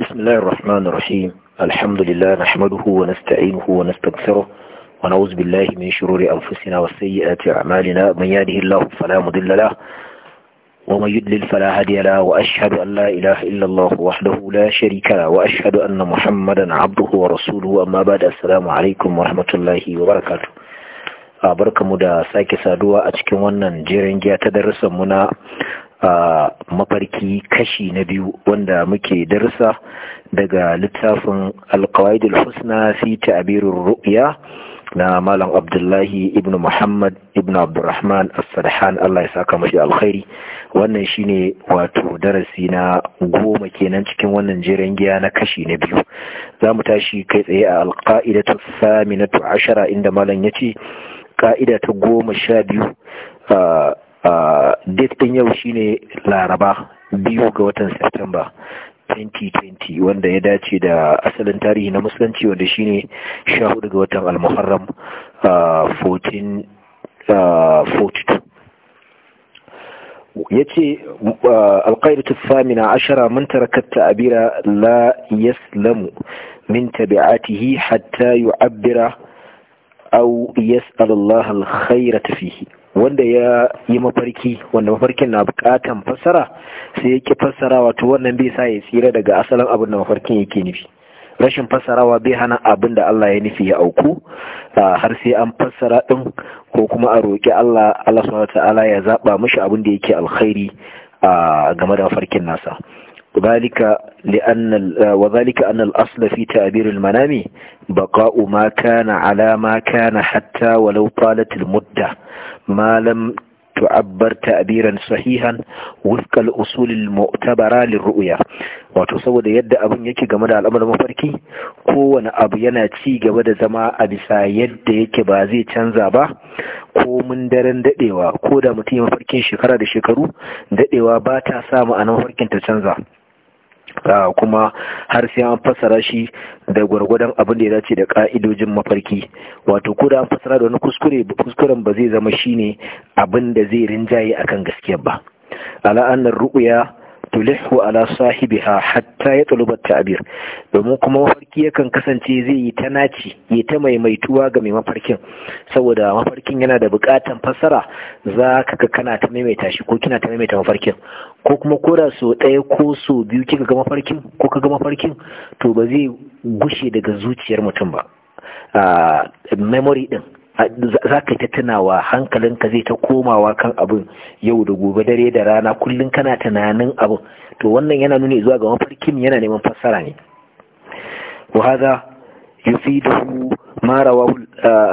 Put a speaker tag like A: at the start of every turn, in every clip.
A: بسم الله الرحمن الرحيم الحمد لله نحمده ونستعينه ونستغفره ونعوذ بالله من شرور أنفسنا وسيئات أعمالنا من يهده الله فلا مضل له ومن يضلل فلا هادي له وأشهد أن لا إله إلا الله وحده لا شريك له وأشهد أن محمدا عبده ورسوله أما بعد السلام عليكم ورحمة الله وبركاته barkamu da sake saduwa a cikin wannan jerin giya ta darussan muna a mafarki kashi na biyu wanda muke darsa daga littafin alkawaidul husna fi ta'abirin ru'ya na malam abdullahi ibn muhammad ibn abdurrahman as-sadhan Allah ya saka mashi alkhairi wannan shine wato darasi na goma kenan cikin wannan jeren giya na kashi na biyu za mu tashi kai tsaye a alqaidatu saminatu ashara inda malam yace ka'ida ta goma sha biyu date ɗin yau shine laraba biyu ga watan september 2020 wanda ya dace da asalin tarihi na musulunci wanda shine 14 ga watan al-muharram 1442 ya ce alƙairatu thamina ashara man tarakatta abira la yaslamu min tabi'atihi hatta yu'abbira aw yas'al Allah al-khairata fihi wanda ya yi mafarki wanda mafarkin na bukatan fassara sai yake fassara wato wannan bai sa ya tsira daga asalin abin da mafarkin yake nufi rashin fassarawa bai hana abin da Allah ya nufi ya auku har sai an fassara din ko kuma a roƙi Allah Allah subhanahu ta'ala ya zaba mishi abin da yake alkhairi game da mafarkin nasa Wazalika annal aslafi أن الأصل Baƙa'u تعبير المنام بقاء ما كان على ما كان حتى ولو طالت المدة ما لم تعبر wato saboda yadda abin yake game da al'amarin mafarki kowane abu yana ci gaba da zama a bisa yadda yake ba zai canza ba ko mun daren dadewa ko da mutum mafarkin shekara da shekaru daɗewa ba ta sa ma'anar mafarkin ta canza Ah, kuma har sai an fassara shi da gwargwadon abin da ya dace da ka'idojin mafarki wato ko da an fassara da wani kuskure kuskuren ba zai zama shine abin da zai rinjaye akan gaskiya ba ala annar tulihu ala sahibiha hatta ya tsaluba tabir domin kuma mafarki yakan kasance zai yi ta naci yi ta maimaituwa ga mai mafarkin saboda mafarkin yana da bukatan fasara za ka ga kana ta maimaita shi ko kina ta maimaita mafarkin ko kuma kora so ɗaya ko so biyu kika ga mafarkin ko ka ga mafarkin to ba zai gushe daga zuciyar mutum ba a ah, memory din za ka ta tunawa hankalinka zai ta komawa kan abin yau da gobe dare da rana kullum kana tunanin abin to wannan yana nuna zuwa ga mafarkin yana neman fassara ne Wahaza, hada yufidu ma rawahu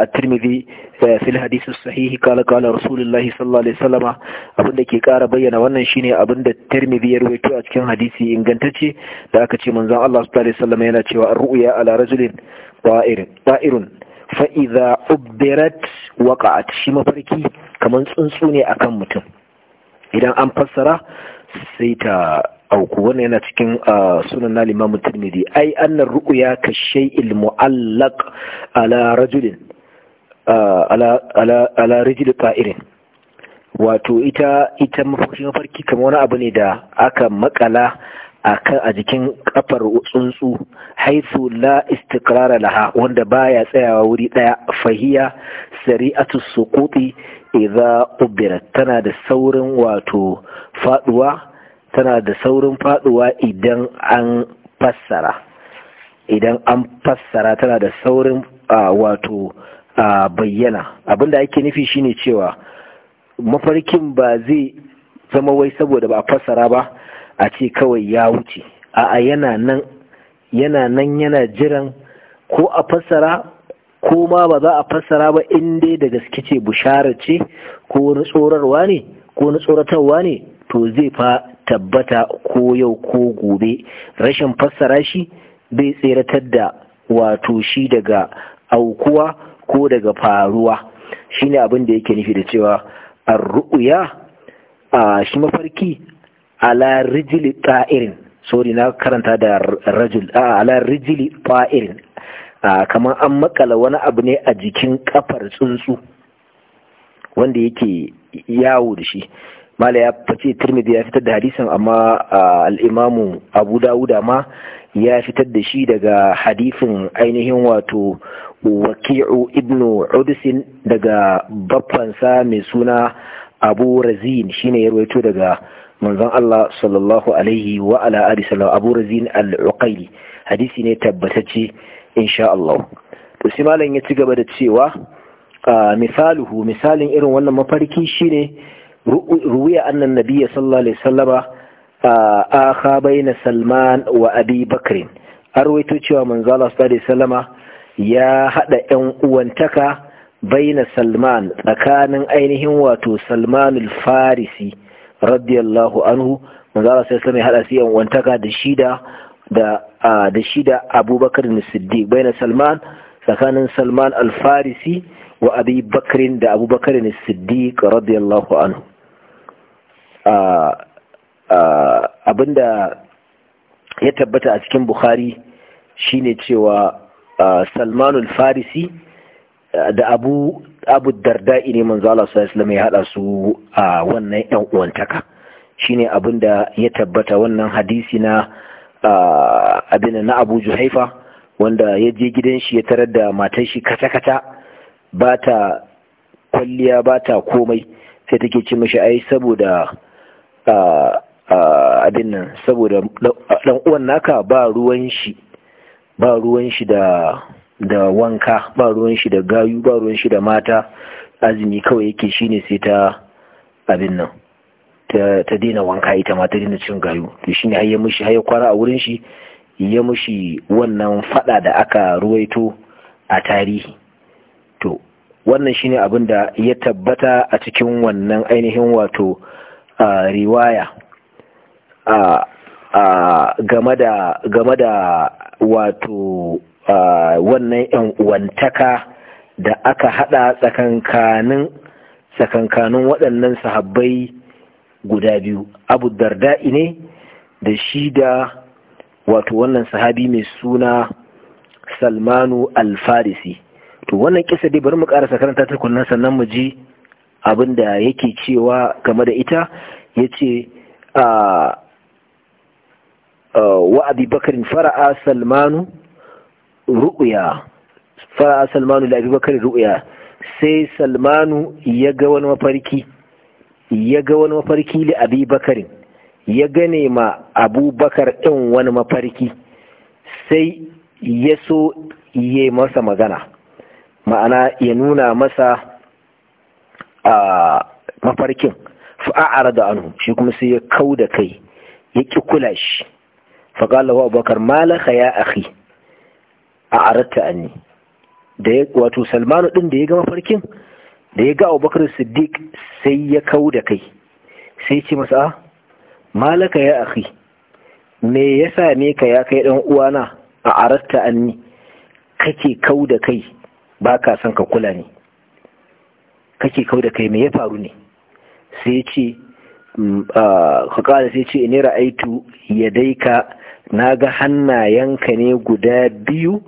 A: at-tirmidhi eh, fi al-hadith as-sahih qala qala rasulullahi sallallahu alaihi wasallama abinda ke kara bayyana wannan shine abinda tirmidhi ya rawaito a cikin hadisi ingantacce da aka ce manzon Allah sallallahu alaihi yana cewa ar-ru'ya ala rajulin ta'irun fa'iza ubdirat waƙa'at shi mafarki kamar tsuntsu ne a kan mutum idan an fassara sai ta auku Wani yana cikin sunan na mutum ne ai annar ru'ya ka shay'il mu'allaq ala ala ala ƙa’irin wato ita ita mafarki kamar wani abu ne da aka makala a jikin kafar tsuntsu haithu la istikrara laha wanda baya tsayawa wuri daya fahiya sari'atu suquti idza ubira tana da saurin wato faduwa tana da saurin faduwa idan an fassara idan an fassara tana da saurin wato bayyana abinda ake nufi shine cewa mafarkin ba zai zama wai saboda ba a fassara ba a ce kawai ya wuce a'a yana nan yana nan yana jiran ko a fassara ko ma ba za a fassara ba in dai da gaske ce bushara ce ko wani tsorarwa ne ko wani tsoratarwa ne to zai fa tabbata ko yau ko gobe rashin fassara shi bai tseratar da wato shi daga aukuwa ko daga faruwa shine abin da yake nufi da cewa an ru'uya? a shi mafarki ala rijili ta'irin sorry na karanta da rajul a ala rijili ta'irin kamar an makala wani abu ne a jikin kafar tsuntsu wanda yake yawo da shi mala ya fice tirmidhi ya fitar da hadisin amma al'imamu abu dawuda ma ya fitar da shi daga hadisin ainihin wato waki'u ibnu udisin daga babbansa mai suna abu razin shine ya daga manzon Allah sallallahu alaihi wa ala alihi sallam Abu Razin al-Uqayli hadisi ne tabbatacce insha Allah to shi malam ya ci gaba da cewa misaluhu misalin irin wannan mafarki shine ruwiya annan nabiyya sallallahu alaihi wasallama kha baina Salman wa Abi Bakr arwaito cewa manzon Allah sallallahu alaihi wasallama ya hada ƴan uwantaka baina Salman tsakanin ainihin wato Salmanul Farisi radiyallahu anhu manzara sai sai hada siyan wantaka da shida da da shida Abubakar Siddiq bayan Salman tsakanin Salman al-Farisi wa Abi Bakr da Abubakar Siddiq radiyallahu anhu abinda ya tabbata a cikin Bukhari shine cewa Salman al-Farisi da Abu abu darda'i ne manzo Allah sallallahu alaihi ya hada su a wannan yan uwantaka shine abin da ya tabbata wannan hadisi na abin na Abu Juhaifa wanda ya je gidan shi ya tarar da matar shi kata kata ba ta kwalliya ba ta komai sai take ce mishi ai saboda abin nan saboda ɗan uwan naka ba ruwan shi ba ruwan shi da da wanka ba ruwan shi da gayu ba ruwan shi da mata azumi kawai yake shine sai ta abin nan ta daina wanka ita ma ta daina cin gayu to shine ya mushi har a wurin shi ya mushi wannan fada da aka ruwaito a tarihi to wannan shine abin da ya tabbata a cikin wannan ainihin wato riwaya game game da wato Ah, wannan yan uwantaka da aka hada tsakankanin tsakankanin waɗannan sahabbai guda biyu abu darda'i ne da shi da wato wannan sahabi mai suna salmanu alfarisi to wannan kisa dai bari mu ƙara karanta ta kunna sannan mu ji abin da yake cewa game da ita ya ce ah, ah, wa abubakar fara'a salmanu ru'ya fara salmanu da abubakar ru'ya sai salmanu ya ga wani mafarki ya ga wani mafarki da abubakar ya gane ma abubakar ɗin wani mafarki sai ya so ya masa magana ma'ana ya nuna masa a mafarkin a da anu shi kuma sai ya kau da kai ya ƙi kula shi faƙalawa abubakar malaka ya ahi a aratta yi da ya wato salmanu din da ya ga mafarkin da ya ga abubakar siddiq sai ya kau da kai sai ce masa ah, malaka ya akhi me ya same ka ya kai dan uwana a aratta yi kake kau da kai ba ka son ka kula ne kake kau da kai me ya faru ne sai ce da mm, sai ce ne ra'aitu ya daika na ga hannayenka ne guda biyu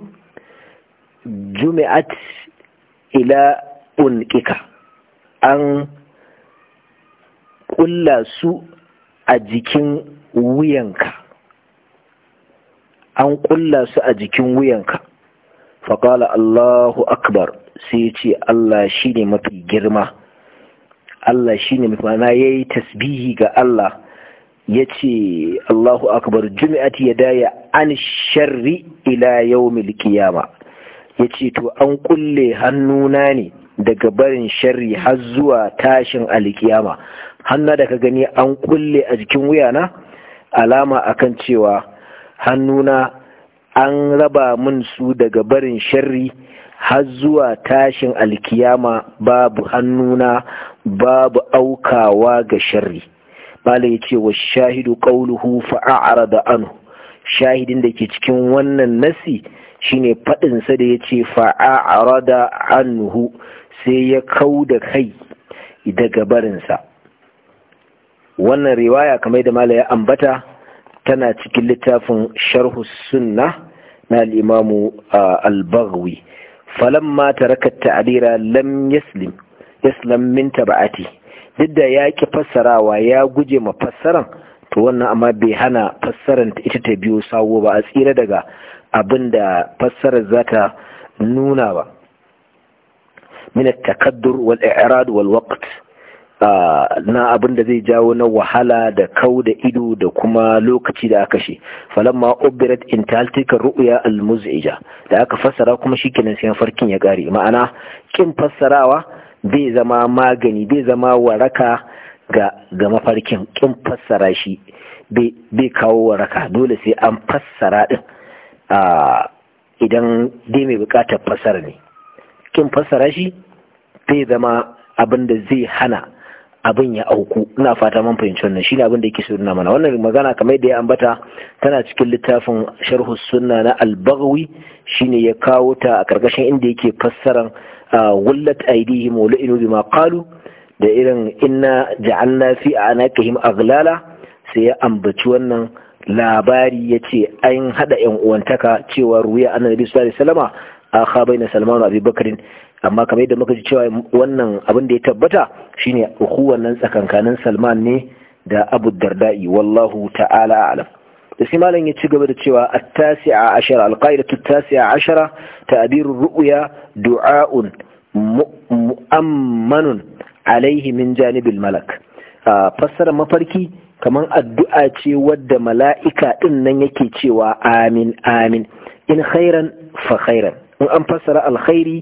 A: jumi'at ila unkika an kulla su a jikin wuyanka an kulla su a jikin wuyanka faƙala Allahu akbar sai ce Allah shi ne mafi girma Allah shi ne mafi mana ya yi tasbihi ga Allah ya ce Allahu akbar jumi'at ya daya an sharri ila yau milkiyama ya ce to an kulle hannuna ne daga barin sharri har zuwa tashin alkiyama hannu da ka gani an kulle a jikin wuyana alama akan cewa hannuna an raba min su daga barin sharri har zuwa tashin alkiyama babu hannuna babu aukawa ga sharri bala ya ce wa shahidu ƙauluhu fa'a'ara da anu shahidin da ke cikin wannan nasi shine faɗinsa da ya ce fa'a a fa'a'arada anhu sai ya kau da kai daga barinsa wannan riwaya kamar da mala ya ambata tana cikin littafin sharhu sunna na al'imamu al Falon falamma taraka ta'dira lam yaslim yaslam min taba'ati duk da ya ki fassarawa ya guje ma fassaran to wannan amma bai hana fassarar ita ta biyo sawo ba a tsira daga abin da fassarar za ta nuna ba min takaddur wal i'rad wal waqt na abin da zai jawo na wahala da kau da ido da kuma lokaci da aka shi falamma ubirat intaltika ru'ya al muz'ija da aka fassara kuma shikenan sai farkin ya kare ma'ana kin fassarawa bai zama magani bai zama waraka ga mafarkin kin fassara shi bai kawo waraka dole sai an fassara din idan dai mai bukatar fassara ne kin fassara shi bai zama abin da zai hana abin ya auku ina fata man fahimci wannan shine abin da yake so nuna mana wannan magana kamar yadda ya ambata tana cikin littafin sharhu, sunna na al-baghawi shine ya kawo ta a karkashin inda yake fassaran wallat aidihim wa la'inu bima qalu da irin inna ja'alna fi anaqihim aglala sai ya ambaci wannan labari ya ce an haɗa ‘yan uwantaka cewa ruya an nabi sallallahu alaihi salama a khabai na salmanu abu bakarin amma kamar yadda muka ji cewa wannan abin da ya tabbata shine ukuwan nan tsakankanin salman ne da abu darda'i wallahu ta'ala alam da sai malam ya ci gaba da cewa at-tasi'a ashara al-qa'idatu at-tasi'a ashara ta'birur ru'ya du'a'un mu'ammanun alaihi min janibil malak fassara mafarki kamar addu'a ce wadda mala'ika din nan yake cewa amin amin in khairan fa khairan in an fassara alkhairi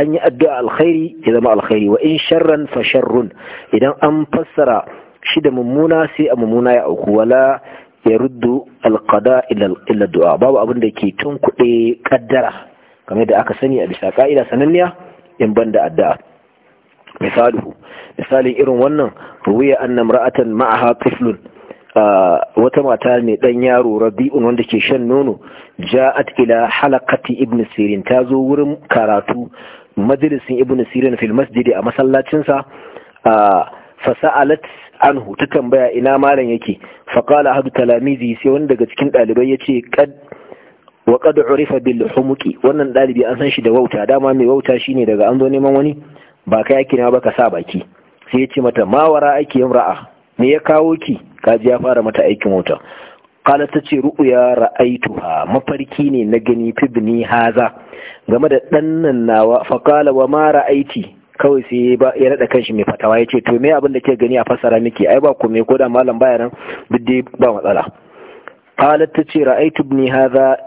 A: an yi addu'a alkhairi ya zama alkhairi wa in sharran fa sharrun idan an fassara shi da mummuna sai a mummuna ya auku wala ya ruddu alqada illa du'a babu abin da ke kuɗe kaddara kamar da aka sani a bisa ka'ida sananniya in banda addu'a misaluhu misalin irin wannan ruwiya annam ra'atan ma'aha tiflun wata mata ne dan yaro rabi'un wanda ke shan nono ja'at ila halaqati ibn sirin ta zo wurin karatu majalisin ibn sirin fil masjid a masallacinsa fasa'alat anhu ta tambaya ina malam yake faqala ahadu talamizi sai wani daga cikin dalibai yace kad wa qad urifa bil humuqi wannan dalibi an san shi da wauta dama mai wauta shine daga an zo neman wani ba kai ake ba ka sa baki sai ya ce mata mawara ake ra'a me ya kawo ki kaji ya fara mata aikin wuta kala ta ce ru'uya ha mafarki ne na gani fibni haza game da ɗannan nawa fakala wa ma ra'aiti kawai sai ya naɗa kanshi mai fatawa ya ce to me abin da ke gani a fassara miki ai ba ku me ko da malam baya nan bidde ba matsala kala ta ce ra'aitu ibni haza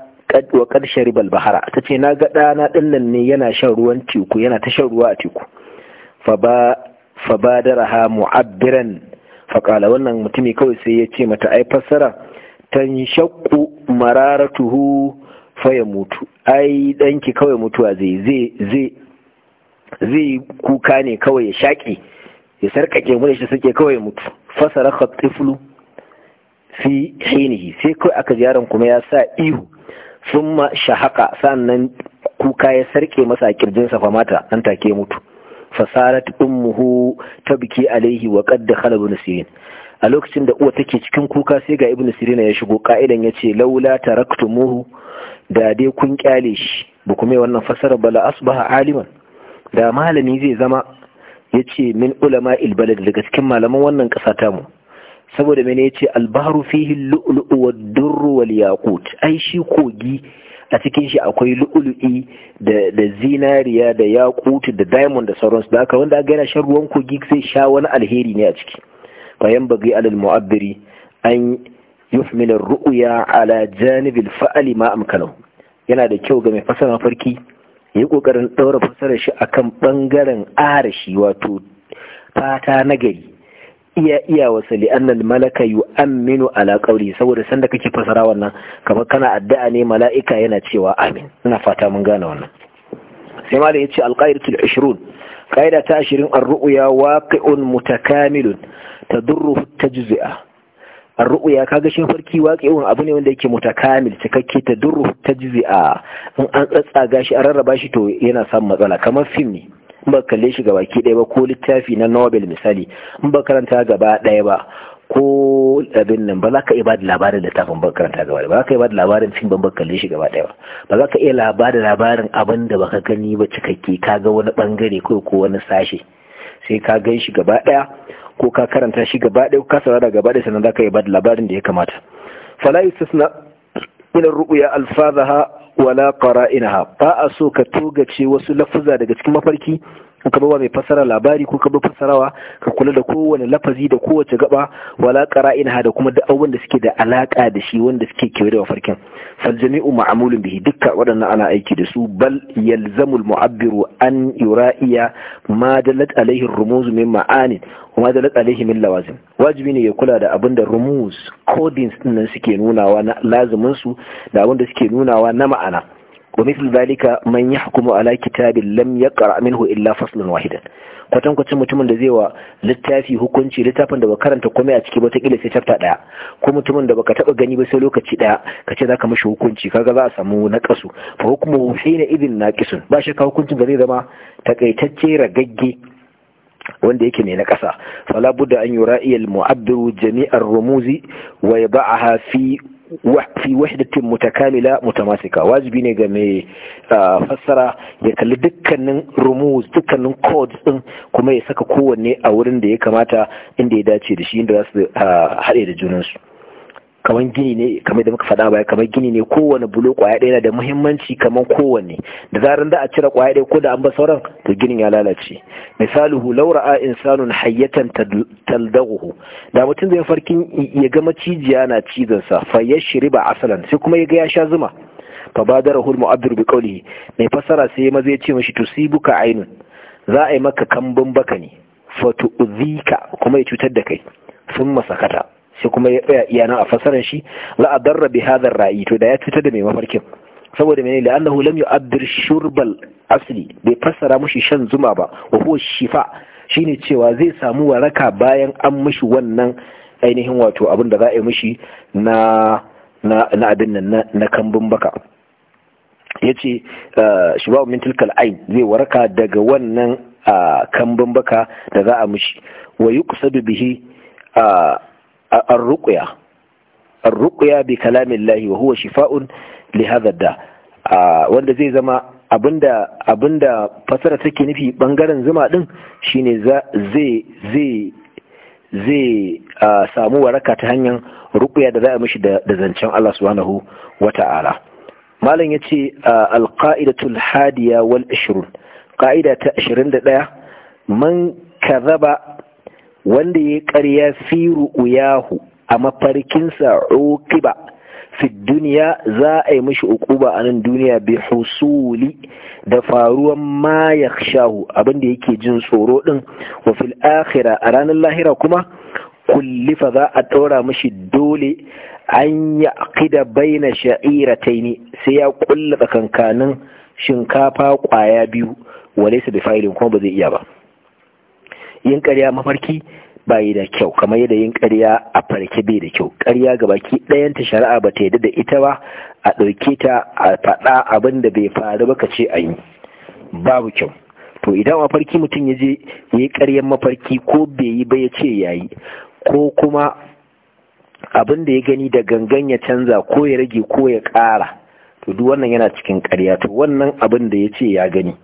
A: wa qad sharibal bahara tace na ga ɗana nan ne yana shan ruwan teku yana ta shan ruwa a teku da fabadaraha mu'abbiran faƙala wannan mutumi kawai sai ya ce mata ai fassara tan shakku mararatuhu faya mutu ai ɗanki kawai mutuwa zai zai kuka ne kawai ya shaƙi ya sarƙaƙe mu da shi suke kawai mutu fasara khatiflu fi hinihi sai kawai aka yaron kuma ya sa ihu summa shahaka sannan kuka ya sarƙe masa a kirjinsa fa mata an take mutu fasarat ummuhu tabki alaihi wa qad dakhala ibn sirin a lokacin da uwa take cikin kuka sai ga ibn sirin ya shigo ka'idan yace laula taraktumuhu da dai kun kyale shi ba kuma wannan fasara bala asbaha aliman da malami zai zama yace min ulama balad daga cikin malaman wannan kasa mu saboda mene yace albahru fihi lu'lu'u wad-durru wal yaqut ai shi kogi a cikin shi akwai lu'ulu'i da zinariya da yakutu da diamond da sauransu da haka wanda gaina shan ruwan kogi zai sha wani alheri ne a ciki bayan bagai alal mu'abbiri an yuhmil ru'uya ala janibil fa'ali ma amkanu yana da kyau ga mai fasara mafarki yi kokarin ɗaura fasarar shi akan ɓangaren arashi wato fata nagari iya iya wasu li'annan malaka Aminu ala qawli saboda sanda kake fasara wannan kamar kana addu'a ne mala'ika yana cewa amin ina fata mun gane wannan sai malam yace alqaidatul 20 qaida ta 20 ar-ru'ya waqi'un mutakamilun tadurru tajzi'a ar-ru'ya kaga shin farki waqi'un abu ne wanda yake mutakamil cikakke tadurru tajzi'a in an tsatsaga gashi, an rarraba shi to yana samun matsala kamar fim ne in ba kalle shi gabaki ɗaya ba ko littafi na nobel misali in ba karanta gaba ɗaya ba ko abin nan ba za ka iya ba da labarin littafin ba karanta gaba ba za ka iya ba da labarin fim ba kalle shi gaba ɗaya ba za ka iya labarin labarin abin da ka gani ba cikakke ka ga wani bangare ko ko wani sashe sai ka gan shi gaba ɗaya ko ka karanta shi gaba ɗaya ko ka saurara gaba ɗaya sannan za ka iya ba da labarin da ya kamata fala yustasna min ya alfaza alfazaha wala qara'inaha ba a so ka togace wasu lafuza daga cikin mafarki in ka ba mai fassara labari ko ka ba fassarawa ka kula da kowane lafazi da kowace gaba wala qara'inha da kuma duk abubuwan da suke da alaka da shi wanda suke kewaye da mafarkin fal jami'u ma'amulun bihi dukkan waɗannan ana aiki da su bal yalzamul mu'abbiru an yura'iya ma dalat alaihi rumuz min ma'anin wa ma dalat alaihi min lawazim wajibi ne ya kula da abin da rumuz codings din nan suke nunawa na lazumin su da abin da suke nunawa na ma'ana ومثل ذلك من يحكم على كتاب لم يقرأ منه إلا فصلا واحدا kwatan kwacin mutumin da zai wa littafi hukunci littafin da ba karanta komai a ciki ba ta kila sai chapter daya ko mutumin da baka taba gani ba sai lokaci daya kace zaka mishi hukunci kaga za a samu naqasu fa hukmu hina idin naqisun ba shi ka hukuncin da zai zama takaitacce ragagge wanda yake mai na ƙasa fala budda an yura iyal mu'abbiru jami'ar rumuzi wa yabaha fi fi wahdatin mutakamila mutamasika wajibi ne ga mai fassara ya kalli dukkanin rumus dukkanin codes din kuma ya saka kowanne a wurin da ya kamata inda ya dace da shi inda za su haɗe da junansu kamar gini ne kamar da muka faɗa baya kamar gini ne kowane bulo kwaya ɗaya da muhimmanci kamar kowanne da zarar da a cire kwaya ɗaya ko da an ba sauran to ginin ya lalace Misali hu laura a insanun hayyatan taldaguhu da mutum zai farkin ya ga macijiya na cizon sa fa ya shiriba asalan sai kuma ya ga ya sha zuma fa badara al-mu'abbir bi qawlihi mai fasara sai maza ya ce mishi tusibuka ainun za a yi maka kambun baka ne fa tu'dhika kuma ya cutar da kai sun masakata sai kuma ya tsaya iyana a fasaran shi la adarra bi hadha ra'i to da ya tuta da mai mafarkin saboda mene la annahu lam yu'addir shurbal asli bai fasara mushi shan zuma ba wa huwa shifa shine cewa zai samu waraka bayan an mushi wannan ainihin wato abin da za a yi mushi na na abin nan na kambun baka yace uh, shibabu min tilkal ain zai waraka daga wannan uh, kambun baka da za a mushi wa yuqsadu bihi uh, الرقية الرقية بكلام الله وهو شفاء لهذا الداء wanda zai zama abinda abinda fasara take nufi ɓangaren zuma din shine zai zai samu waraka ta hanyar rukuya da za a mishi da zancen Allah subhanahu wata'ala malam yace alqaidatul hadiya wal 20 ƙa'ida ta 21 man raba. wanda ya ƙarya firu uyahu a mafarkinsa uqiba fi duniya za a yi mishi ukuba a nan duniya bi husuli da faruwan ma ya shahu abinda yake jin tsoro din wa fil akhira a ranar lahira kuma kullifa za a ɗora mishi dole an ya aqida baina ne, sai ya kulla tsakankanin shinkafa ƙwaya biyu su bi fa'ilin kuma ba zai iya ba yin ƙarya mafarki ba yi da kyau kamar yadda yin ƙarya a farke bai da kyau ƙarya ga baki ɗayanta shari'a ba ta yadda da ita ba a ɗauke ta a faɗa abin da bai faru ba ka ce a yi babu kyau to idan mafarki mutum ya je ya yi ƙaryan mafarki ko bai yi ba ya ce ya yi ko kuma abin da ya gani da gangan ya canza ko ya rage ko ya ƙara to duk wannan yana cikin ƙarya to wannan abin da ya ce ya gani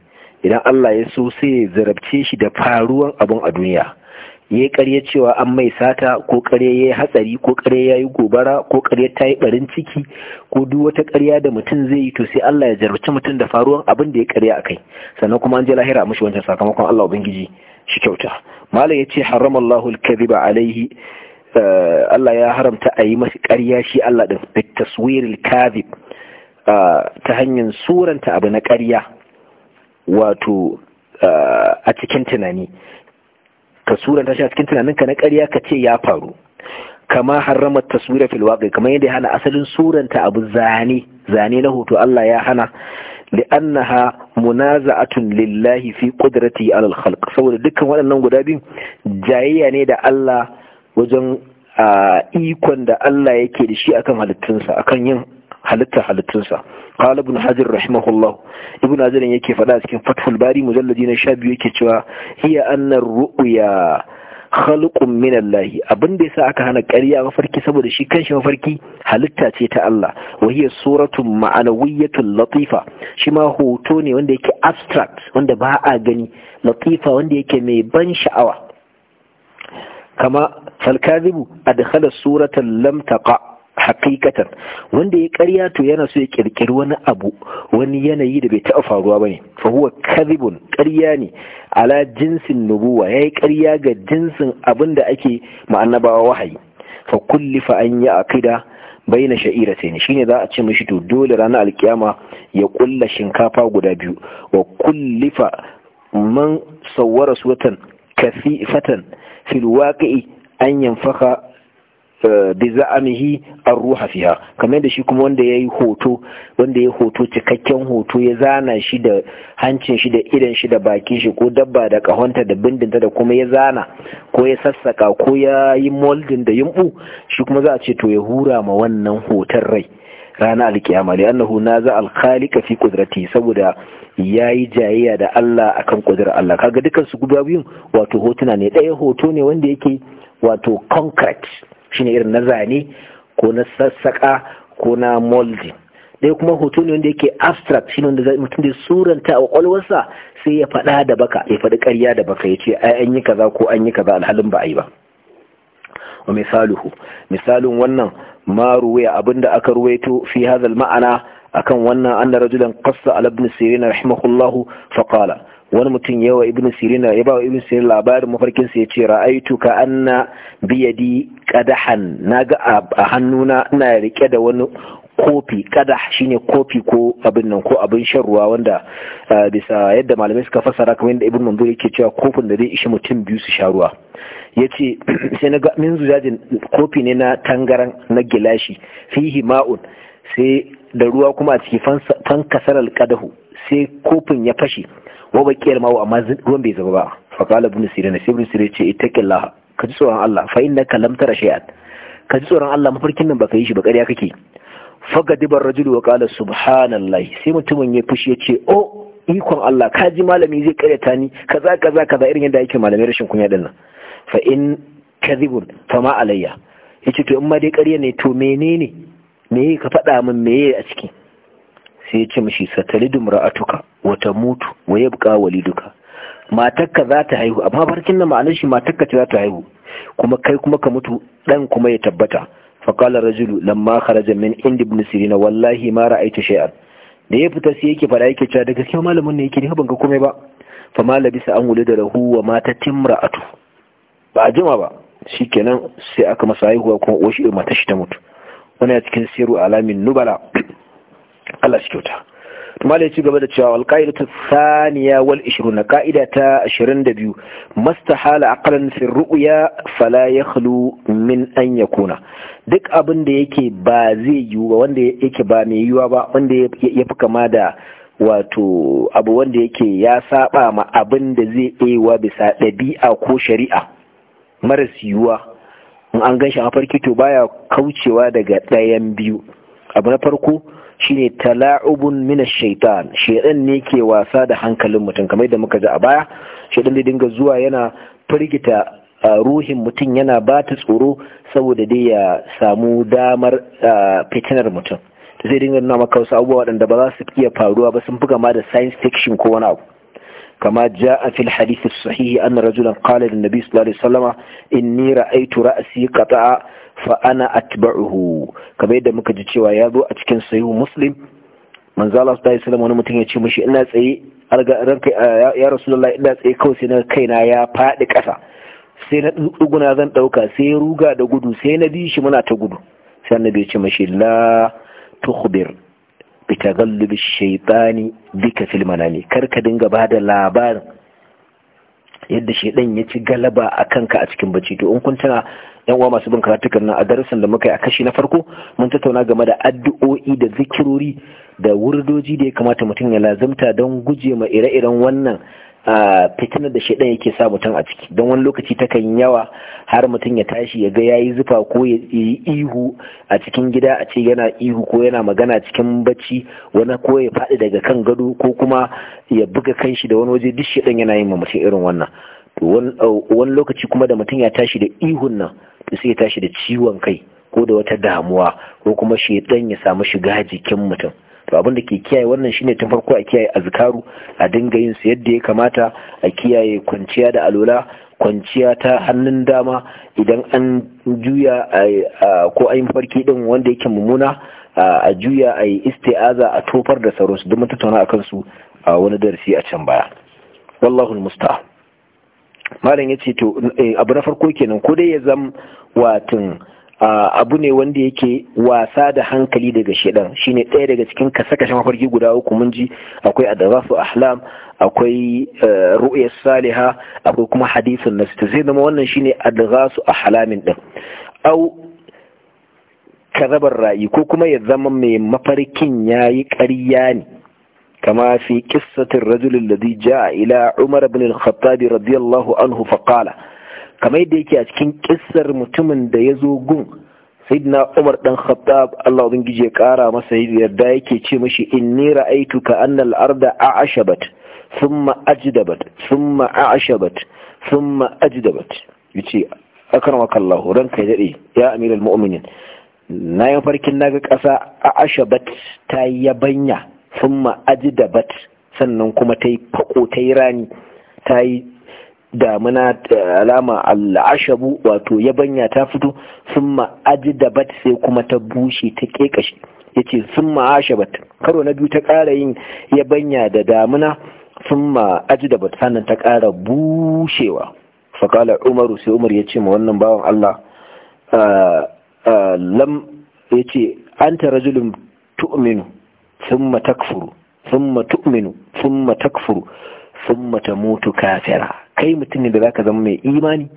A: idan Allah ya so sai ya zarabce shi da faruwan abun a duniya ya karya cewa an mai sata ko karya ya yi hatsari ko karya ya yi gobara ko karya ta yi barin ciki ko duk wata karya da mutum zai yi to sai Allah ya jarabce mutum da faruwan abin da ya karya a kai. sannan kuma an je lahira mushi wancan sakamakon Allah ubangiji shi kyauta malam ya ce haramallahu alkadhiba alaihi eh, Allah ya haramta a yi masa karya shi Allah din taswiril kazib eh, ta hanyar suranta abu na karya wato uh, a cikin tunani ka suranta shi a cikin tunaninka na ƙarya ka ce ya faru kama harramar taswira fil Kama kamar yadda ya hana asalin suranta abu zane zane na hoto Allah ya hana li'annaha munaza'atun lillahi fi qudrati ala al-khalq saboda dukkan waɗannan guda biyu jayayya ne da Allah wajen uh, ikon da Allah yake da shi akan halittunsa akan yin halitta halittunsa qala ibn hajar rahimahullah ibn hajar yake faɗa cikin fatful bari mujalladi na 12 yake cewa hiya annar ru'ya khalqun min Allah abin da yasa aka hana ƙarya mafarki saboda shi kanshi mafarki halitta ce ta Allah wa hiya suratun ma'anawiyatun latifa shi ma hoto ne wanda yake abstract wanda ba a gani latifa wanda yake mai ban sha'awa kama falkazibu adkhala suratan lam taqa hakikatan wanda ya ƙarya to yana so ya ƙirƙiri wani abu wani yanayi da bai taɓa faruwa ba ne. fa huwa kadhibun ƙarya ne ala jinsin nubuwa yayi ƙarya ga jinsin abin da ake ma'annabawa wahayi fa kullifa an ya aqida baina sha'iratayn shine za a ce mishi to dole ranar alkiyama ya kulla shinkafa guda biyu wa kullifa man sawwara suwatan kasifatan fil waqi'i an yanfaka Eh, bi za'amihi an ruha fiha kamar da shi kuma wanda ya yi hoto wanda yayi hoto cikakken hoto ya zana shi da hancin shi da idan shi da bakin shi ko dabba da kahonta da bindinta da kuma ya zana ko ya sassaka ko ya yi moldin da yumbu shi kuma za a ce to ya hura ma wannan hoton rai rana alkiyama da annahu naza alkhaliqa fi qudrati saboda ya yi jayayya da Allah akan kudurar Allah kaga dukan su guda biyun wato hotuna ne ɗaya hoto ne wanda yake wato concrete shine irin na zane ko na sassaƙa ko na molding dai kuma hoto ne wanda yake abstract shine wanda mutum da suranta a kwakwalwarsa sai ya faɗa da baka ya faɗi ƙarya da baka ya ce ai an yi kaza ko an yi kaza alhalin ba a yi ba wa misaluhu misalin wannan ma ruwaya abinda aka ruwaito fi hadha ma'ana akan wannan anna rajulan qassa ala ibn sirin rahimahullahu faqala. wani mutum yawa ibn sirina ya ba wa ibn sirina labarin mafarkin sa yace ra'aitu ka anna biyadi qadahan naga a hannuna ina rike da wani kofi kada shine kofi ko abin nan ko abin shan ruwa wanda bisa yadda malamai suka fassara kamar yadda ibn mandur yake cewa kofin da zai ishi mutum biyu su sha ruwa yace sai na ga min zujajin kofi ne na tangaran na gilashi fihi ma'un sai da ruwa kuma a ciki fan kasaral kadahu sai kofin ya fashe wa kiyar mawa amma ruwan bai zaba ba fa kala ibn sirin sai ibn sirin ce ittaqillaha ka ji tsoron Allah fa innaka lam tara shay'an ka ji tsoron Allah mafarkin nan baka yi shi ba ƙarya kake fagadibar rajulu wa kala subhanallahi sai mutumin ya fushi ya ce o ikon Allah ka ji malami zai karyata ni kaza kaza kaza irin yadda yake malamai rashin kunya din nan fa in kadhibun fa ma alayya yace to in ma dai ƙarya ne to menene me ka faɗa min meye a ciki sai ya ce mashi satalidu ra'atuka wata mutu wa yabqa waliduka matakka za ta haihu amma farkin na ma'anar shi matakka ce za ta haihu kuma kai kuma ka mutu dan kuma ya tabbata faqala rajulu lamma kharaja min indi ibn sirina wallahi ma ra'aytu shay'an da ya fita sai yake fara yake cewa da gaskiya malamin ne yake ne ban ga komai ba fa ma labisa an wulida lahu wa mata timra'atu ba a jima ba Shi kenan sai aka masa haihuwa kuma o'shi shi mata shi ta mutu wani a cikin siru alamin nubala Allah shi kyauta da ya ci gaba da cewa alƙa'ida ta saniya wal ishirin na ƙa'ida ta ashirin da biyu mastahala aqlan fi ru'ya fala ya halu min an ya kuna. duk abin da yake ba zai yiwu ba wanda yake ba mai yiwuwa ba wanda ya fi kama da wato abu wanda yake ya saba ma abin da zai ɗewa bisa ɗabi'a ko shari'a maras yiwuwa in an gan shi a farki to baya kaucewa daga ɗayan biyu abu na farko Shi ne tala'ubun mina shaitan shaitan ne ke wasa da hankalin mutum kamar da muka ji a baya shaitan da dinga zuwa yana firgita ruhin mutum yana ba ta tsoro saboda dai ya samu damar fitinar mutum zai dinga nuna maka wasu abubuwa waɗanda ba za su iya faruwa ba sun fi kama da science fiction ko wani abu كما جاء في الحديث الصحيح أن رجلا قال للنبي صلى الله عليه وسلم إني رأيت رأسي قطع فأنا أتبعه كما يدى مكجتشي ويابو أتكن سيو مسلم من زال الله صلى الله عليه وسلم ونمتن يتشي مشي إلا سي يا رسول الله إلا سي كوسنا كينا يا فادك أسا سينا na ذن توقع سيروغا sai ruga da gudu sai na bi shi muna ta gudu bitagallub shaitani bika fil manami kar ka dinga ba da labarin yadda shaidan ya ci galaba a kanka a cikin bacci to in kun tana yan uwa masu bin karatukan nan a darasin da muka yi a kashi na farko mun tattauna game da addu'o'i da zikirori da wurdoji da ya kamata mutum ya lazimta don guje ma ire-iren wannan a fitinar da shaidan yake sa mutum a ciki don wani lokaci takan yawa har mutum ya tashi ya ga yayi zufa ko ya yi ihu a cikin gida a ce yana ihu ko yana magana cikin bacci wani ko ya faɗi daga kan gado ko kuma ya buga kan shi da wani waje duk shaidan yana yin mutum irin wannan to wani lokaci kuma da mutum ya tashi da ihun nan to sai ya tashi da ciwon kai ko da wata damuwa ko kuma shaidan ya samu shiga jikin mutum to abin da ke kiyaye wannan shine tun farko a kiyaye azkaru a dinga yin su yadda ya kamata a kiyaye kwanciya da alola kwanciya ta hannun dama idan an juya ko an farki din wanda yake mummuna a juya a yi isti'aza a tofar da sauransu domin tattauna a kansu a wani darasi a can baya wallahu musta malam ya ce to eh, abu na farko kenan ko dai ya zam watan abu ne wanda yake wasa da hankali daga shedan shine ɗaya daga cikin kasakashen mafarki guda uku mun ji akwai adazafu ahlam akwai eh, ru'ya saliha akwai kuma hadisun nas zai zama wannan shine adazasu ahlamin din au kazabar ra'ayi ko kuma ya zama mai mafarkin yayi ƙarya ne كما في قصة الرجل الذي جاء إلى عمر بن الخطاب رضي radiyallahu anhu فقال kamar yadda yake a cikin kissar mutumin da ya zo gun sayyidina Umar dan Khattab Allah ubangiji ya ƙara masa yarda yake ce mashi inni ra'aytu ka anna al-arda a'ashabat thumma ajdabat thumma a'ashabat thumma ajdabat yace akramaka Allah ranka ya dade ya al mu'minin na yi farkin naga ƙasa a ashabat ta yabanya sun ma'aji da bat sannan kuma ta yi fako ta yi rani ta yi damuna alama al'ashabu wato yabanya ta fito sun da bat sai kuma ta bushe ta kekashi ce sun ma'ashabat karo na biyu ta ƙara yin yabanya da damuna sun da bat, sannan ta ƙara bushewa faƙala umaru sai umar ya ce ma wannan bawan Allah lam ya ce an ta rajulun tu'minu ma takfuru tu'minu ma takfuru sun mata mutu kafira kai mutum ne da za ka zama mai imani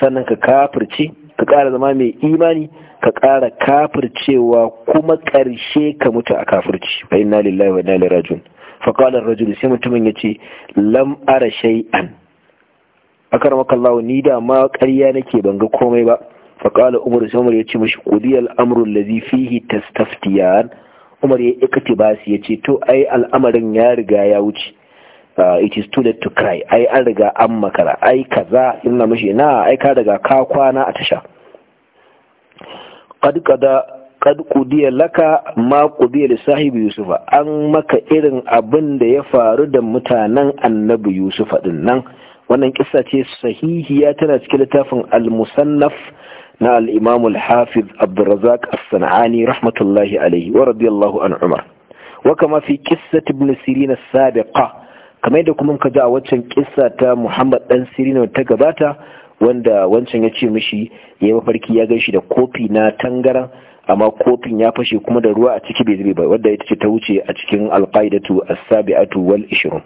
A: sannan ka kafirce ka ƙara zama mai imani ka ƙara kafircewa kuma ƙarshe ka mutu a kafirci fa inna lillahi wa inna ilaihi rajiun fa qala ar-rajul sai mutumin yace lam'ara shai'an. shay'an akaramaka ni da ma ƙarya nake ban ga komai ba fa qala umar sai umar yace mishi da amru allazi fihi tastaftiyan umar ya iktibasi yace to ai al'amarin ya riga ya wuce Uh, it is too late to cry ai an riga an makara ai kaza inna mashi na ai ka daga ka kwana a tasha kad kada kad qudiya laka ma qudiya li sahibi yusufa an maka irin abin da ya faru da mutanen annabi yusufa din nan wannan kissa ce sahihiya tana cikin littafin al-musannaf na al-imam al-hafiz abdurrazzaq as-sanani rahmatullahi alayhi wa radiyallahu an umar وكما في قصة ابن سيرين السابقة kamar yadda kuma ka ji a waccan kissa ta muhammad dan sirina ta gabata wanda wancan ya ce mishi ya yi mafarki ya gan shi da kofi na tangaran amma kofin ya fashe kuma da ruwa a ciki bai zube ba wadda ita ce ta wuce a cikin alqaidatu as-sabi'atu wal 20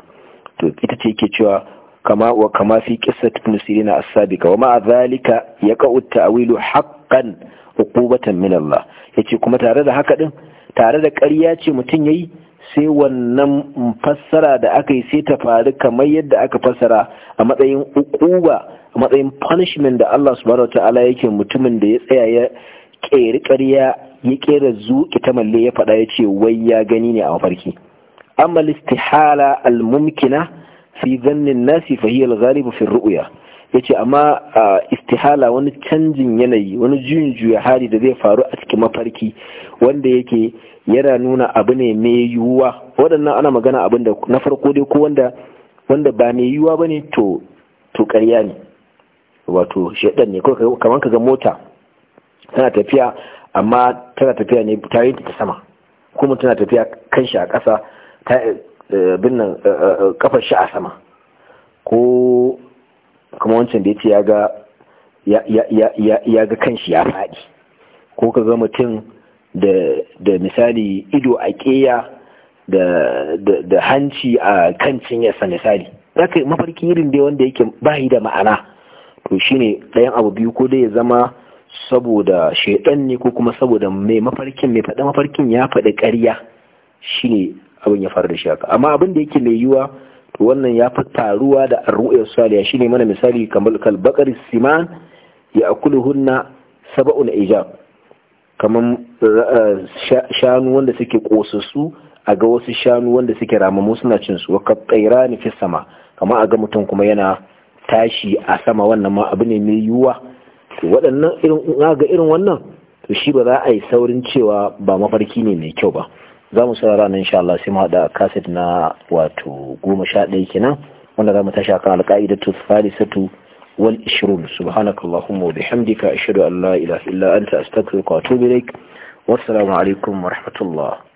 A: to ita ce yake cewa kama wa kama fi qissat ibn sirina as-sabiqa wa ma'a zalika yaqa'u at-ta'wilu haqqan uqubatan min Allah yace kuma tare da haka din tare da ƙarya ce mutum yayi sai wannan fassara da aka yi sai ta faru kamar yadda aka fassara a matsayin ukuba a matsayin punishment da Allah subhanahu ta'ala yake mutumin da ya tsaya ya ƙeri ƙarya ya ƙera zuƙi ta malle ya faɗa ya ce wai ya gani ne a mafarki amma hala al-mumkina fi zannin nasi fahiyar hiya fi ru'ya ya ce amma a istihala wani canjin yanayi wani juyin juya hari da zai faru a cikin mafarki wanda yake yana nuna abu ne mai yiwuwa waɗannan ana magana abin da na farko dai ko wanda ba mai yiwuwa ba ne to to ne wato shaɗan ne kamar ka ga mota tana tafiya amma tana tafiya ne ta yi ta sama kuma tana tafiya kan shi a ƙasa ta eh, binnan kafar eh, eh, shi a sama ko kuma wancan da ya ce ya ga kanshi ya faɗi ko ka ga mutum da misali ido a ƙeya da hanci a kan yasa misali za ka mafarki irin dai wanda yake bayi da ma'ana to shine ɗayan abu biyu ko dai ya zama saboda shaidan ne ko kuma saboda mai mafarkin mai faɗa mafarkin ya faɗi ƙarya shine abin ya faru da shi haka amma abin da yake mai yiwuwa wannan ya fi taruwa da arru'ayar saliya shine mana misali kamar kalbakar siman ya hunna saba'un ijab kamar eh, shanu wanda suke kosassu a ga wasu shanu wanda suke ramamu suna cin su waka tsaira ni fi sama kamar a ga mutum kuma yana tashi a sama wannan ma abu ne mai yiwuwa waɗannan irin ga irin wannan to shi ba za a yi saurin cewa ba mafarki ne mai kyau ba za mu saurara nan insha Allah sai mu haɗa kaset na wato goma sha ɗaya kenan wanda za mu tashi akan alƙa'idatu salisatu wal ishrun subhanakallahumma wa bihamdika ashhadu an la ilaha illa anta astaghfiruka wa atubu ilaik wassalamu alaikum wa rahmatullah